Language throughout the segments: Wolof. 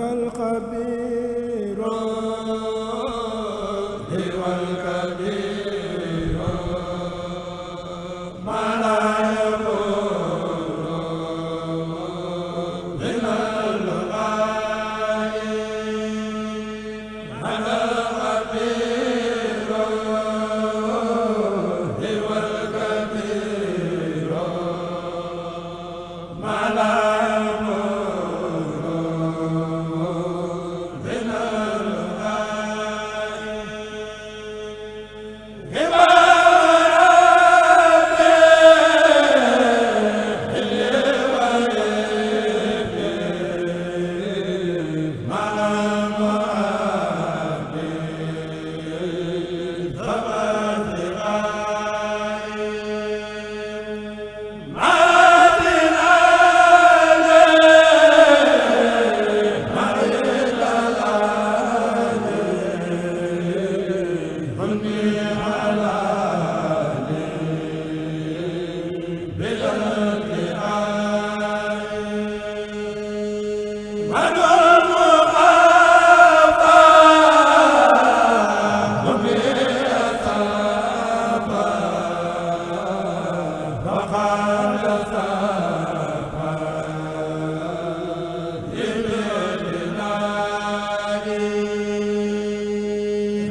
أنت الخبير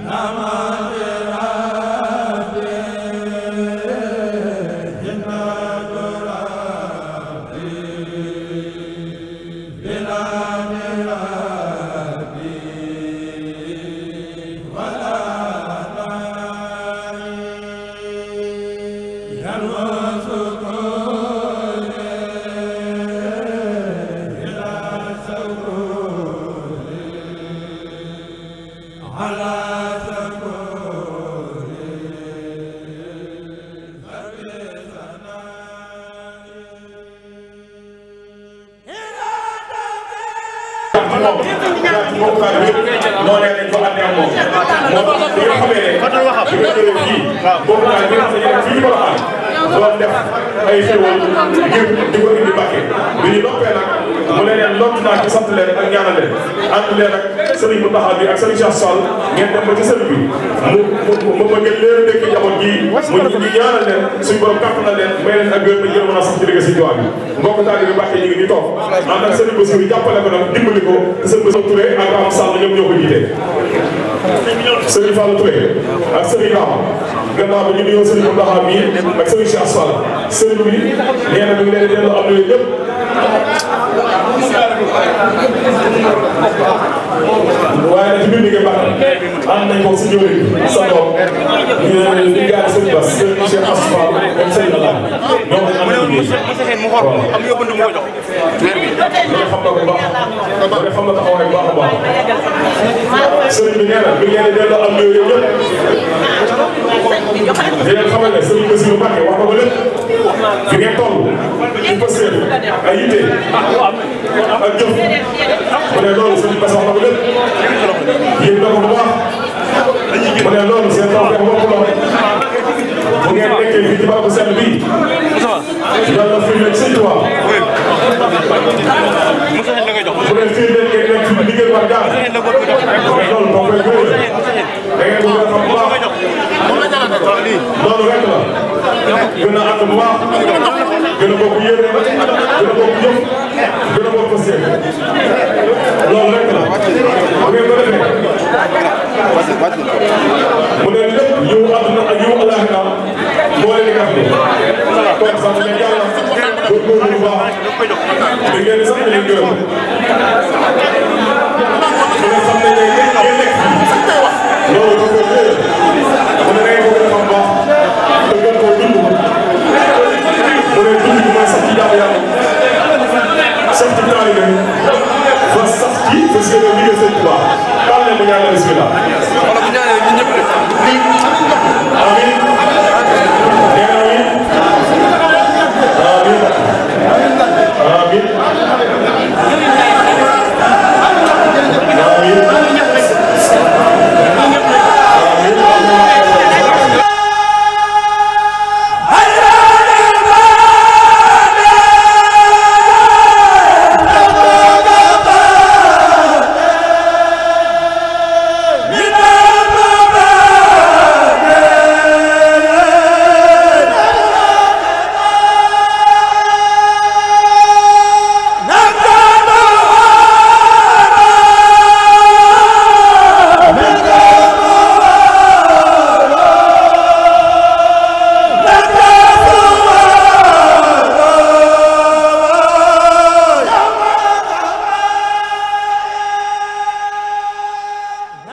nama moom moom Fall bi moo nekk dañ ko àndee ak moom moom bi nga xamee ne bi nga ñëwee fii moom Fall bi nga xam ne fii ko am doon def ay xéwal ngir di ko indi Mbàkke bi ñu noppee nag mu ne leen lott naa ci sant leen ak ñaanal leen ànd leen ak Serigne Mountakha bi ak Serigne Cheikh Sall ngeen dem ba ci sëriñ bi mu mu ma gën leen dëkk ñi mu ñu ñaanal leen suñu borom kàpp na leen may leen ak wér nañ gën a mën a sax ci dëgg si diwaan bi mbokk taali bi Mbàkke ñu ngi ni toog ànd ak sëriñ Bassirou jàppale ko nag dimbali ko te sëriñ Bassirou ak Ram Sall ñoom ñoo ko jiite sëriñ Fallou Touré ak sëriñ Ram gannaaw ba ñu nuyoo sëriñ Mountakha mi ak sëriñ Cheikh Fall sëriñ bi nee na ñu ngi leen di delloo am na ñëpp waaye nag ci biir liggéey baax ànd nañ ko si jëwriñ sa doom ñu di gaar sëñ Bas sëñ Cheikh Asfa ak sëñ Alain ñoom dañ am nañu nii waaw loolu xam na ko baax loolu xam na taxawaay bu baax a baax sëriñ bi nee na bi ngeen di delloo am yooyu yëpp di leen xamal ne sëriñ Basiru Mbàkke wax na ko lépp fi ngeen toll ci ay yitte ak jëf mu ne loolu ngi ci barabu sell bi yàlla firndeel sëñ Tuubaa bu dee firndeel ngeen nekk ci liggéey par gaal loolu moo koy gërëm da ngeen ko gën a xam bu baax loolu rek la gën a ànd bu baax gën a bokk góorgóorlu bu baax te ngeen sant leen gërëm parce que ñoom ñu ngi sëñ Tuubaa. xam nañ bu ñaanee bismillah. wala bu ñaanee ñun ñëpp de.